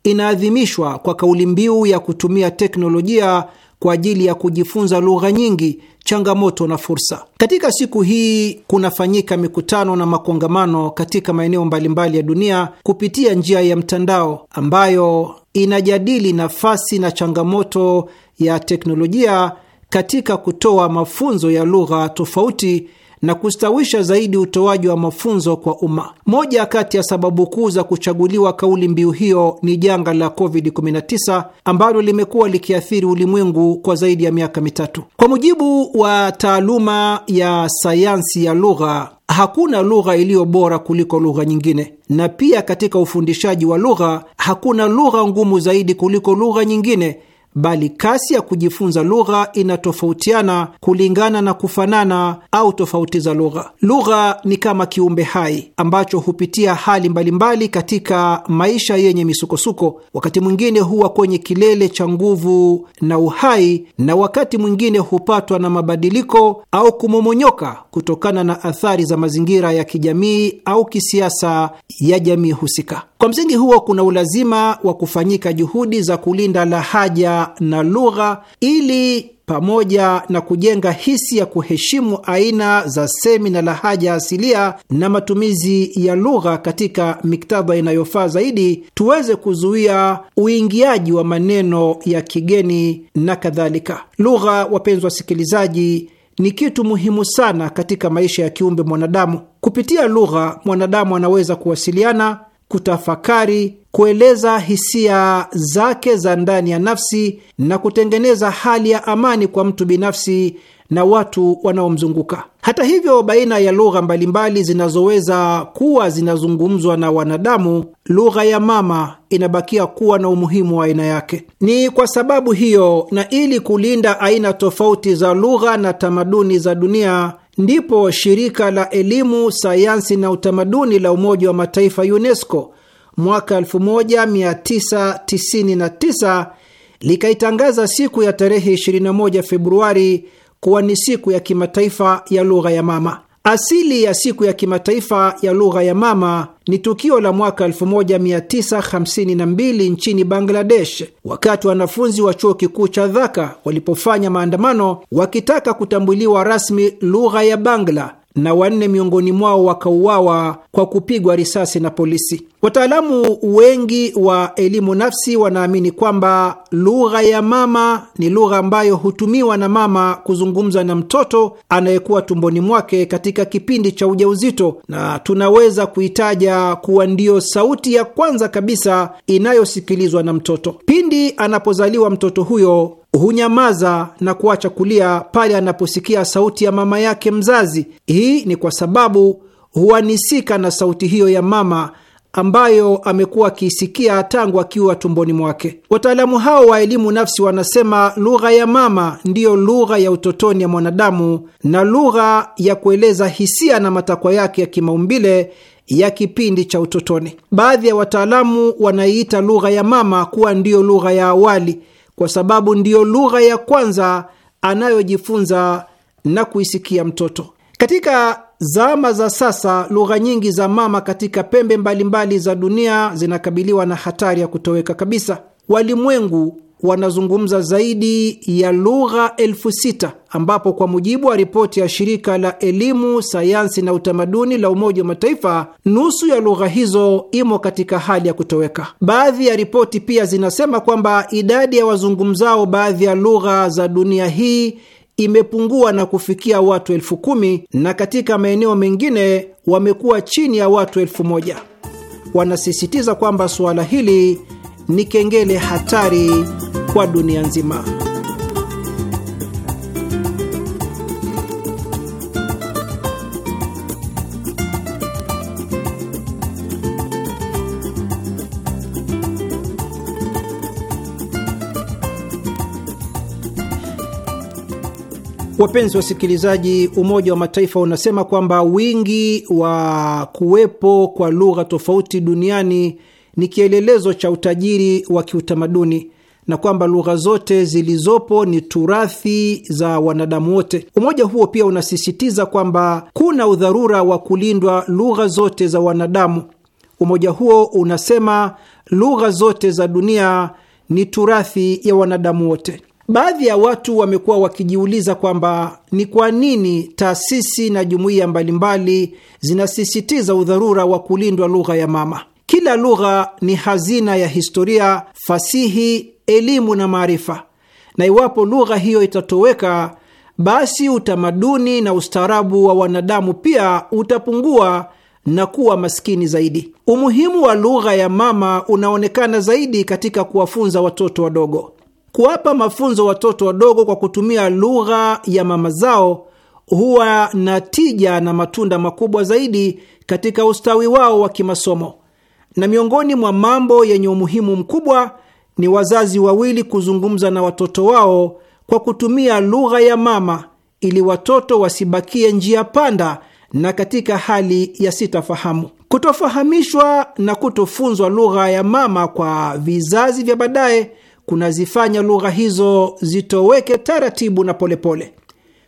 Speaker 4: inaadhimishwa kwa kauli mbiu ya kutumia teknolojia kwa ajili ya kujifunza lugha nyingi, changamoto na fursa. Katika siku hii kunafanyika mikutano na makongamano katika maeneo mbalimbali ya dunia kupitia njia ya mtandao ambayo inajadili nafasi na changamoto ya teknolojia katika kutoa mafunzo ya lugha tofauti na kustawisha zaidi utoaji wa mafunzo kwa umma. Moja kati ya sababu kuu za kuchaguliwa kauli mbiu hiyo ni janga la COVID-19 ambalo limekuwa likiathiri ulimwengu kwa zaidi ya miaka mitatu. Kwa mujibu wa taaluma ya sayansi ya lugha, hakuna lugha iliyo bora kuliko lugha nyingine, na pia katika ufundishaji wa lugha hakuna lugha ngumu zaidi kuliko lugha nyingine bali kasi ya kujifunza lugha inatofautiana kulingana na kufanana au tofauti za lugha. Lugha ni kama kiumbe hai ambacho hupitia hali mbalimbali mbali katika maisha yenye misukosuko. Wakati mwingine huwa kwenye kilele cha nguvu na uhai, na wakati mwingine hupatwa na mabadiliko au kumomonyoka kutokana na athari za mazingira ya kijamii au kisiasa ya jamii husika. Kwa msingi huo, kuna ulazima wa kufanyika juhudi za kulinda lahaja na lugha ili pamoja na kujenga hisi ya kuheshimu aina za semi na lahaja asilia na matumizi ya lugha katika miktadha inayofaa zaidi, tuweze kuzuia uingiaji wa maneno ya kigeni na kadhalika. Lugha, wapenzi wasikilizaji, ni kitu muhimu sana katika maisha ya kiumbe mwanadamu. Kupitia lugha, mwanadamu anaweza kuwasiliana, kutafakari kueleza hisia zake za ndani ya nafsi na kutengeneza hali ya amani kwa mtu binafsi na watu wanaomzunguka. Hata hivyo, baina ya lugha mbalimbali zinazoweza kuwa zinazungumzwa na wanadamu, lugha ya mama inabakia kuwa na umuhimu wa aina yake. Ni kwa sababu hiyo na ili kulinda aina tofauti za lugha na tamaduni za dunia ndipo shirika la elimu, sayansi na utamaduni la Umoja wa Mataifa, UNESCO mwaka 1999 likaitangaza siku ya tarehe 21 Februari kuwa ni siku ya kimataifa ya lugha ya mama. Asili ya siku ya kimataifa ya lugha ya mama ni tukio la mwaka 1952 nchini Bangladesh, wakati wanafunzi wa chuo kikuu cha Dhaka walipofanya maandamano wakitaka kutambuliwa rasmi lugha ya Bangla, na wanne miongoni mwao wakauawa kwa kupigwa risasi na polisi. Wataalamu wengi wa elimu nafsi wanaamini kwamba lugha ya mama ni lugha ambayo hutumiwa na mama kuzungumza na mtoto anayekuwa tumboni mwake katika kipindi cha ujauzito, na tunaweza kuitaja kuwa ndiyo sauti ya kwanza kabisa inayosikilizwa na mtoto. Pindi anapozaliwa mtoto huyo hunyamaza na kuacha kulia pale anaposikia sauti ya mama yake mzazi. Hii ni kwa sababu huanisika na sauti hiyo ya mama ambayo amekuwa akiisikia tangu akiwa tumboni mwake. Wataalamu hao wa elimu nafsi wanasema lugha ya mama ndiyo lugha ya utotoni ya mwanadamu na lugha ya kueleza hisia na matakwa yake ya kimaumbile ya kipindi cha utotoni. Baadhi ya wataalamu wanaiita lugha ya mama kuwa ndiyo lugha ya awali kwa sababu ndiyo lugha ya kwanza anayojifunza na kuisikia mtoto. Katika Zama za sasa, lugha nyingi za mama katika pembe mbalimbali mbali za dunia zinakabiliwa na hatari ya kutoweka kabisa. Walimwengu wanazungumza zaidi ya lugha elfu sita ambapo kwa mujibu wa ripoti ya shirika la elimu, sayansi na utamaduni la Umoja wa Mataifa, nusu ya lugha hizo imo katika hali ya kutoweka. Baadhi ya ripoti pia zinasema kwamba idadi ya wazungumzao baadhi ya lugha za dunia hii imepungua na kufikia watu elfu kumi na katika maeneo mengine wamekuwa chini ya watu elfu moja. Wanasisitiza kwamba suala hili ni kengele hatari kwa dunia nzima. Wapenzi wasikilizaji, Umoja wa Mataifa unasema kwamba wingi wa kuwepo kwa lugha tofauti duniani ni kielelezo cha utajiri wa kiutamaduni na kwamba lugha zote zilizopo ni turathi za wanadamu wote. Umoja huo pia unasisitiza kwamba kuna udharura wa kulindwa lugha zote za wanadamu. Umoja huo unasema lugha zote za dunia ni turathi ya wanadamu wote. Baadhi ya watu wamekuwa wakijiuliza kwamba ni kwa nini taasisi na jumuiya mbalimbali zinasisitiza udharura wa kulindwa lugha ya mama. Kila lugha ni hazina ya historia, fasihi, elimu na maarifa, na iwapo lugha hiyo itatoweka, basi utamaduni na ustaarabu wa wanadamu pia utapungua na kuwa maskini zaidi. Umuhimu wa lugha ya mama unaonekana zaidi katika kuwafunza watoto wadogo. Kuwapa mafunzo watoto wadogo kwa kutumia lugha ya mama zao huwa na tija na matunda makubwa zaidi katika ustawi wao wa kimasomo. Na miongoni mwa mambo yenye umuhimu mkubwa ni wazazi wawili kuzungumza na watoto wao kwa kutumia lugha ya mama ili watoto wasibakie njia panda na katika hali ya sitafahamu. Kutofahamishwa na kutofunzwa lugha ya mama kwa vizazi vya baadaye kunazifanya lugha hizo zitoweke taratibu na polepole.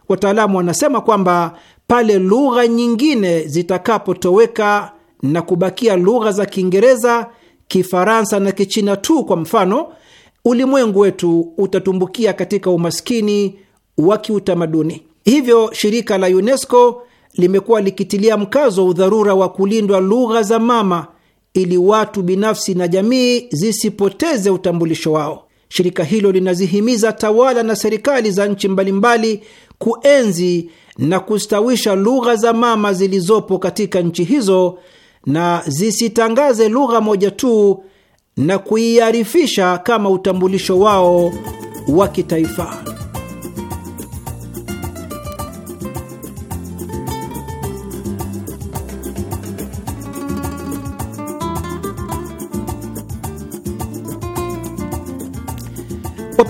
Speaker 4: Wataalamu wanasema kwamba pale lugha nyingine zitakapotoweka na kubakia lugha za Kiingereza, Kifaransa na Kichina tu kwa mfano, ulimwengu wetu utatumbukia katika umaskini wa kiutamaduni. Hivyo shirika la UNESCO limekuwa likitilia mkazo udharura wa kulindwa lugha za mama ili watu binafsi na jamii zisipoteze utambulisho wao. Shirika hilo linazihimiza tawala na serikali za nchi mbalimbali kuenzi na kustawisha lugha za mama zilizopo katika nchi hizo na zisitangaze lugha moja tu na kuiarifisha kama utambulisho wao wa kitaifa.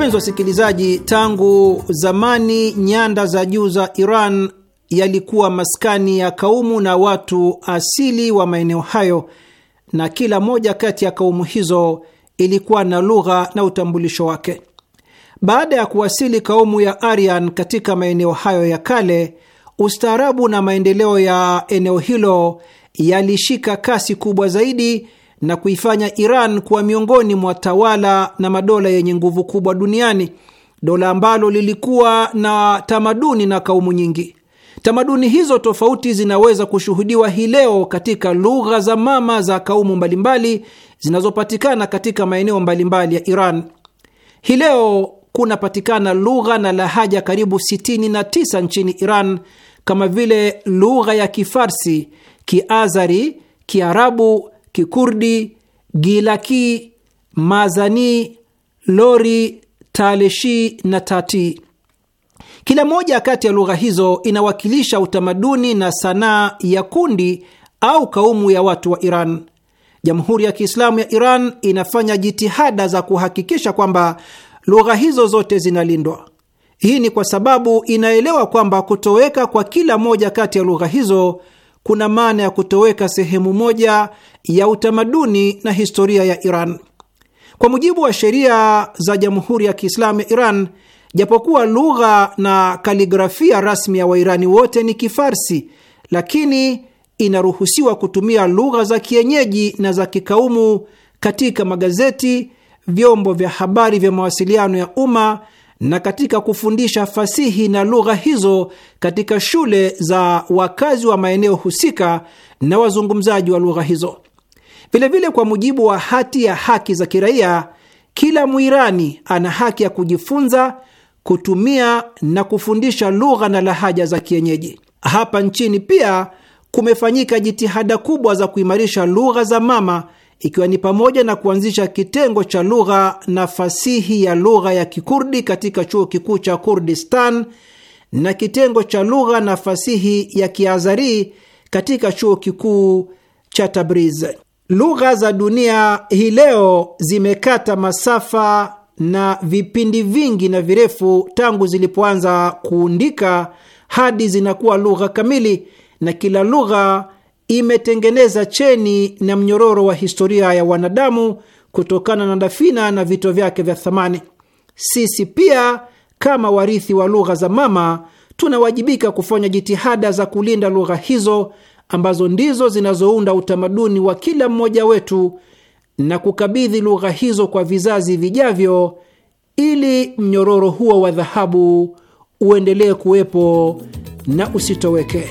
Speaker 4: Wapenzi wasikilizaji, tangu zamani nyanda za juu za Iran yalikuwa maskani ya kaumu na watu asili wa maeneo hayo, na kila moja kati ya kaumu hizo ilikuwa na lugha na utambulisho wake. Baada ya kuwasili kaumu ya Aryan katika maeneo hayo ya kale, ustaarabu na maendeleo ya eneo hilo yalishika kasi kubwa zaidi na kuifanya Iran kuwa miongoni mwa tawala na madola yenye nguvu kubwa duniani, dola ambalo lilikuwa na tamaduni na kaumu nyingi. Tamaduni hizo tofauti zinaweza kushuhudiwa hii leo katika lugha za mama za kaumu mbalimbali zinazopatikana katika maeneo mbalimbali ya Iran. Hii leo kunapatikana lugha na lahaja karibu 69 nchini Iran kama vile lugha ya Kifarsi, Kiazari, Kiarabu, Kikurdi, Gilaki, Mazani, Lori, Taleshi na Tati. Kila moja kati ya lugha hizo inawakilisha utamaduni na sanaa ya kundi au kaumu ya watu wa Iran. Jamhuri ya Kiislamu ya Iran inafanya jitihada za kuhakikisha kwamba lugha hizo zote zinalindwa. Hii ni kwa sababu inaelewa kwamba kutoweka kwa kila moja kati ya lugha hizo kuna maana ya kutoweka sehemu moja ya utamaduni na historia ya Iran. Kwa mujibu wa sheria za Jamhuri ya Kiislamu ya Iran, japokuwa lugha na kaligrafia rasmi ya Wairani wote ni Kifarsi, lakini inaruhusiwa kutumia lugha za kienyeji na za kikaumu katika magazeti, vyombo vya habari vya mawasiliano ya umma na katika kufundisha fasihi na lugha hizo katika shule za wakazi wa maeneo husika na wazungumzaji wa lugha hizo. Vilevile, kwa mujibu wa hati ya haki za kiraia, kila Mwirani ana haki ya kujifunza, kutumia na kufundisha lugha na lahaja za kienyeji. Hapa nchini pia kumefanyika jitihada kubwa za kuimarisha lugha za mama ikiwa ni pamoja na kuanzisha kitengo cha lugha na fasihi ya lugha ya Kikurdi katika chuo kikuu cha Kurdistan na kitengo cha lugha na fasihi ya Kiazari katika chuo kikuu cha Tabriz. Lugha za dunia hii leo zimekata masafa na vipindi vingi na virefu tangu zilipoanza kuundika hadi zinakuwa lugha kamili, na kila lugha imetengeneza cheni na mnyororo wa historia ya wanadamu kutokana na dafina na vito vyake vya thamani. Sisi pia kama warithi wa lugha za mama tunawajibika kufanya jitihada za kulinda lugha hizo ambazo ndizo zinazounda utamaduni wa kila mmoja wetu na kukabidhi lugha hizo kwa vizazi vijavyo ili mnyororo huo wa dhahabu uendelee kuwepo na usitoweke.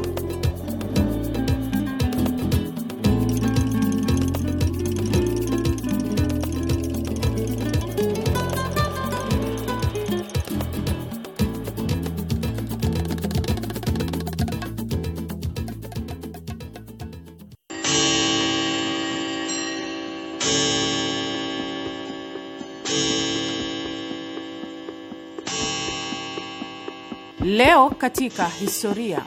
Speaker 5: katika historia.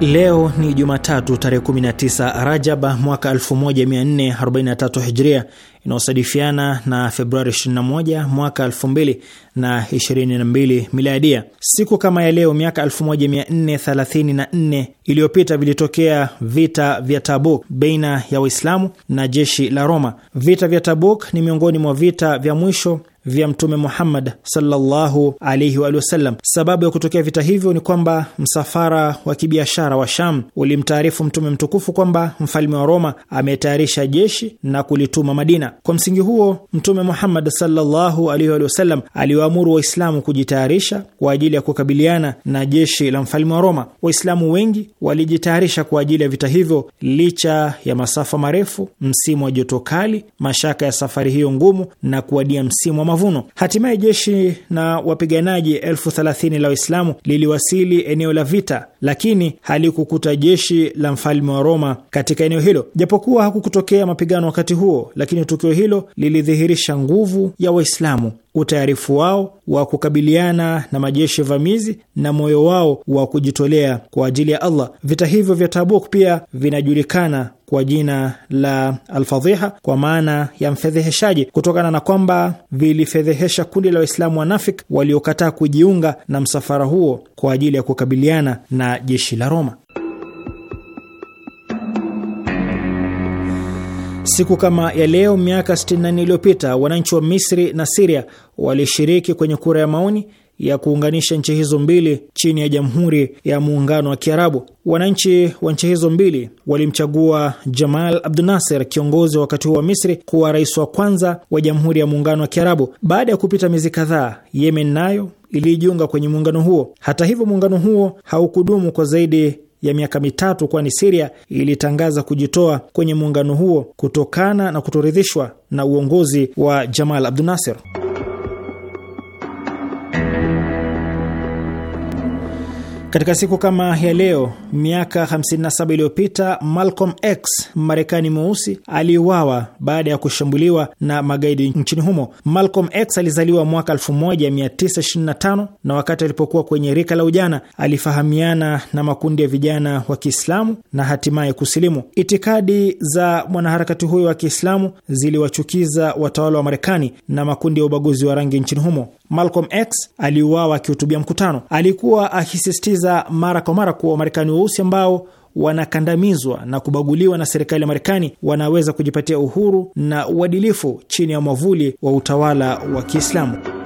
Speaker 6: Leo ni Jumatatu tarehe 19 Rajaba mwaka 1443 Hijria inayosadifiana na Februari 21 mwaka 2022 miladia. Siku kama ya leo miaka 1434 iliyopita vilitokea vita vya Tabuk baina ya Waislamu na jeshi la Roma. Vita vya Tabuk ni miongoni mwa vita vya mwisho vya Mtume Muhammad sallallahu alaihi wa sallam. Sababu ya kutokea vita hivyo ni kwamba msafara wa kibiashara wa Sham ulimtaarifu Mtume mtukufu kwamba mfalme wa Roma ametayarisha jeshi na kulituma Madina. Kwa msingi huo Mtume Muhammad sallallahu alaihi wa sallam aliwaamuru Waislamu kujitayarisha kwa ajili ya kukabiliana na jeshi la mfalme wa Roma. Waislamu wengi walijitayarisha kwa ajili ya vita hivyo, licha ya masafa marefu, msimu wa joto kali, mashaka ya safari hiyo ngumu na kuwadia msimu wa mavuno. Hatimaye jeshi na wapiganaji elfu thelathini la Waislamu liliwasili eneo la vita, lakini halikukuta jeshi la mfalme wa Roma katika eneo hilo, japokuwa hakukutokea mapigano wakati huo, lakini tukio Tukio hilo lilidhihirisha nguvu ya Waislamu, utayarifu wao wa kukabiliana na majeshi vamizi na moyo wao wa kujitolea kwa ajili ya Allah. Vita hivyo vya Tabuk pia vinajulikana kwa jina la Alfadhiha, kwa maana ya mfedheheshaji, kutokana na kwamba vilifedhehesha kundi la Waislamu wanafik waliokataa kujiunga na msafara huo kwa ajili ya kukabiliana na jeshi la Roma. Siku kama ya leo miaka 64 iliyopita wananchi wa Misri na Siria walishiriki kwenye kura ya maoni ya kuunganisha nchi hizo mbili chini ya Jamhuri ya Muungano wa Kiarabu. Wananchi wa nchi hizo mbili walimchagua Jamal Abdunaser, kiongozi wakati huo wa Misri, kuwa rais wa kwanza wa Jamhuri ya Muungano wa Kiarabu. Baada ya kupita miezi kadhaa, Yemen nayo ilijiunga kwenye muungano huo. Hata hivyo, muungano huo haukudumu kwa zaidi ya miaka mitatu, kwani Siria ilitangaza kujitoa kwenye muungano huo kutokana na kutoridhishwa na uongozi wa Jamal abdunaser Katika siku kama ya leo miaka 57 iliyopita Malcolm X Marekani mweusi aliuawa baada ya kushambuliwa na magaidi nchini humo. Malcolm X alizaliwa mwaka 1925 na wakati alipokuwa kwenye rika la ujana alifahamiana na makundi ya vijana wa Kiislamu na hatimaye kusilimu. Itikadi za mwanaharakati huyo wa Kiislamu ziliwachukiza watawala wa Marekani na makundi ya ubaguzi wa rangi nchini humo. Malcolm X aliuawa akihutubia mkutano. Alikuwa akisisitiza mara kwa mara kuwa Wamarekani weusi ambao wanakandamizwa na kubaguliwa na serikali ya Marekani wanaweza kujipatia uhuru na uadilifu chini ya mwavuli wa utawala wa Kiislamu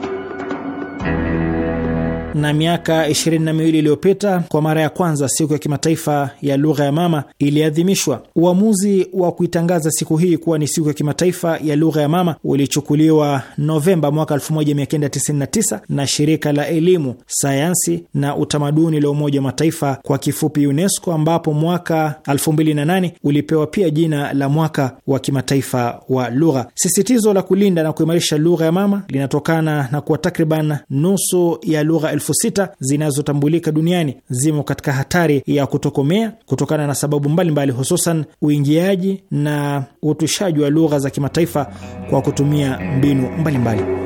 Speaker 6: na miaka ishirini na miwili iliyopita kwa mara ya kwanza siku ya kimataifa ya lugha ya mama iliadhimishwa. Uamuzi wa kuitangaza siku hii kuwa ni siku ya kimataifa ya lugha ya mama ulichukuliwa Novemba mwaka 1999 na shirika la elimu, sayansi na utamaduni la Umoja wa Mataifa kwa kifupi UNESCO, ambapo mwaka 2008 ulipewa pia jina la mwaka wa kimataifa wa lugha. Sisitizo la kulinda na kuimarisha lugha ya mama linatokana na kuwa takriban nusu ya lugha elfu sita zinazotambulika duniani zimo katika hatari ya kutokomea kutokana na sababu mbalimbali hususan uingiaji na utushaji wa lugha za kimataifa kwa kutumia mbinu mbalimbali mbali.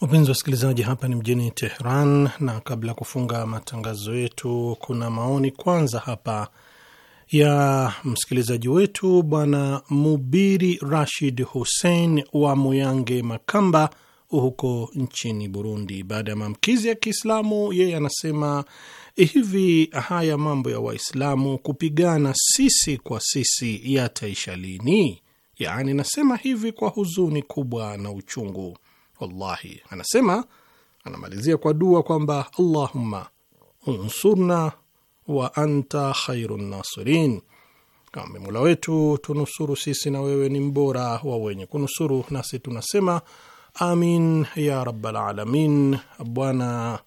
Speaker 2: Wapenzi wasikilizaji, hapa ni mjini Teheran, na kabla ya kufunga matangazo yetu, kuna maoni kwanza hapa ya msikilizaji wetu Bwana Mubiri Rashid Hussein wa Muyange, Makamba, huko nchini Burundi. Baada ya maamkizi ya Kiislamu, yeye anasema hivi: haya mambo ya Waislamu kupigana sisi kwa sisi yataisha lini? Yaani nasema hivi kwa huzuni kubwa na uchungu, wallahi. Anasema, anamalizia kwa dua kwamba allahumma unsurna wa anta khairu nasirin, kambe Mola wetu tunusuru sisi na wewe ni mbora wa wenye kunusuru. Nasi tunasema amin ya rabbal alamin. Bwana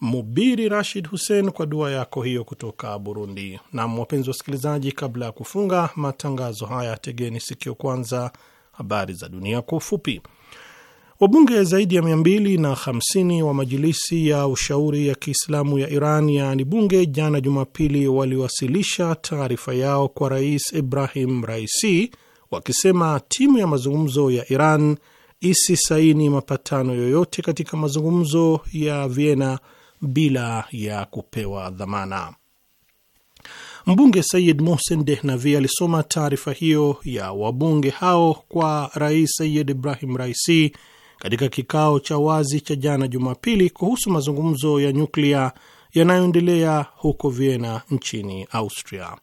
Speaker 2: Mubiri Rashid Hussein kwa dua yako hiyo kutoka Burundi. Nam, wapenzi wasikilizaji, kabla ya kufunga matangazo haya, tegeni sikio kwanza habari za dunia kwa ufupi. Wabunge zaidi ya 250 wa Majilisi ya Ushauri ya Kiislamu ya Iran, yaani bunge, jana Jumapili waliwasilisha taarifa yao kwa Rais Ibrahim Raisi wakisema timu ya mazungumzo ya Iran isisaini mapatano yoyote katika mazungumzo ya Vienna bila ya kupewa dhamana. Mbunge Sayid Mohsen Dehnavi alisoma taarifa hiyo ya wabunge hao kwa Rais Sayid Ibrahim Raisi katika kikao cha wazi cha jana Jumapili kuhusu mazungumzo ya nyuklia yanayoendelea huko Vienna nchini Austria.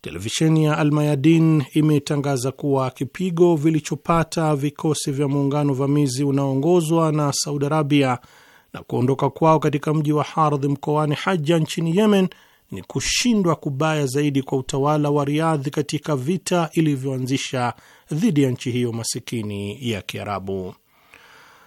Speaker 2: Televisheni ya Almayadin imetangaza kuwa kipigo vilichopata vikosi vya muungano vamizi unaoongozwa na Saudi Arabia na kuondoka kwao katika mji wa Hardh mkoani Haja nchini Yemen ni kushindwa kubaya zaidi kwa utawala wa Riadhi katika vita ilivyoanzisha dhidi ya nchi hiyo masikini ya Kiarabu.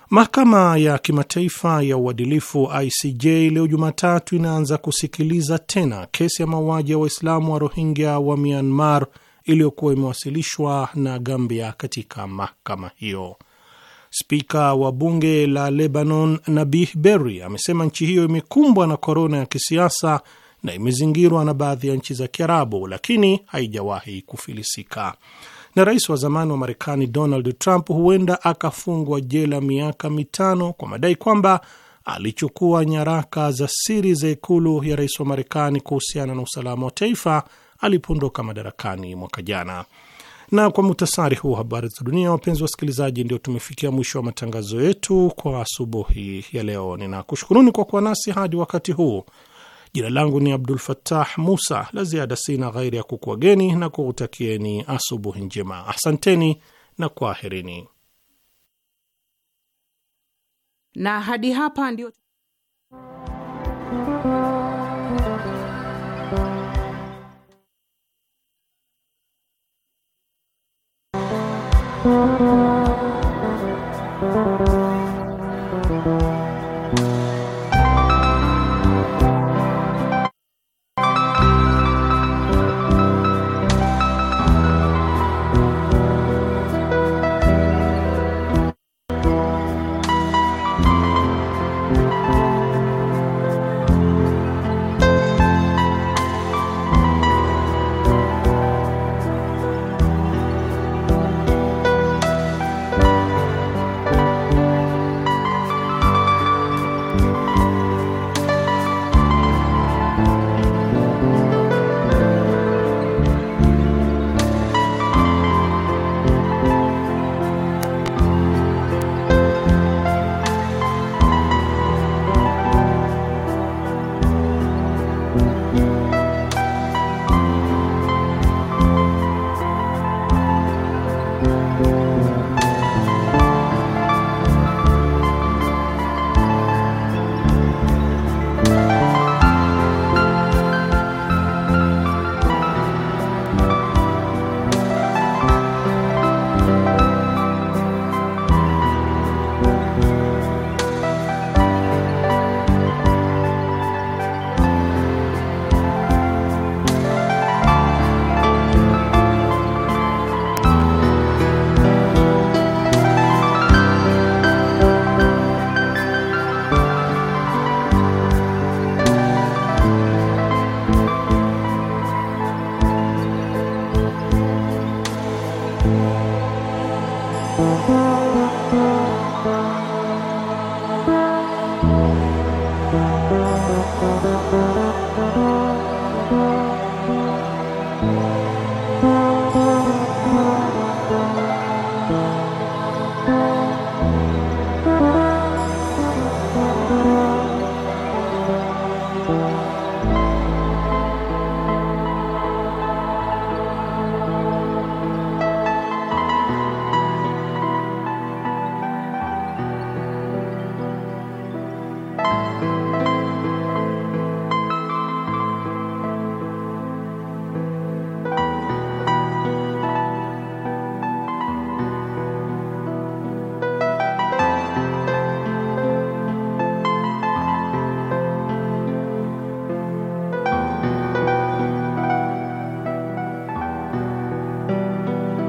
Speaker 2: Mahakama ya Kimataifa ya Uadilifu ICJ leo Jumatatu inaanza kusikiliza tena kesi ya mauaji ya Waislamu wa Rohingya wa Myanmar iliyokuwa imewasilishwa na Gambia katika mahakama hiyo. Spika wa bunge la Lebanon, Nabih Berri, amesema nchi hiyo imekumbwa na korona ya kisiasa na imezingirwa na baadhi ya nchi za Kiarabu, lakini haijawahi kufilisika na rais wa zamani wa Marekani Donald Trump huenda akafungwa jela miaka mitano kwa madai kwamba alichukua nyaraka za siri za ikulu ya rais wa Marekani kuhusiana na usalama wa taifa alipoondoka madarakani mwaka jana. Na kwa muhtasari huu habari za dunia, wapenzi wa wasikilizaji, ndio tumefikia mwisho wa matangazo yetu kwa asubuhi ya leo. Ninakushukuruni kwa kuwa nasi hadi wakati huu. Jina langu ni Abdul Fattah Musa. La ziada sina ghairi ya kukuageni na kuutakieni asubuhi njema. Asanteni na kwaherini.
Speaker 4: Na hadi hapa ndio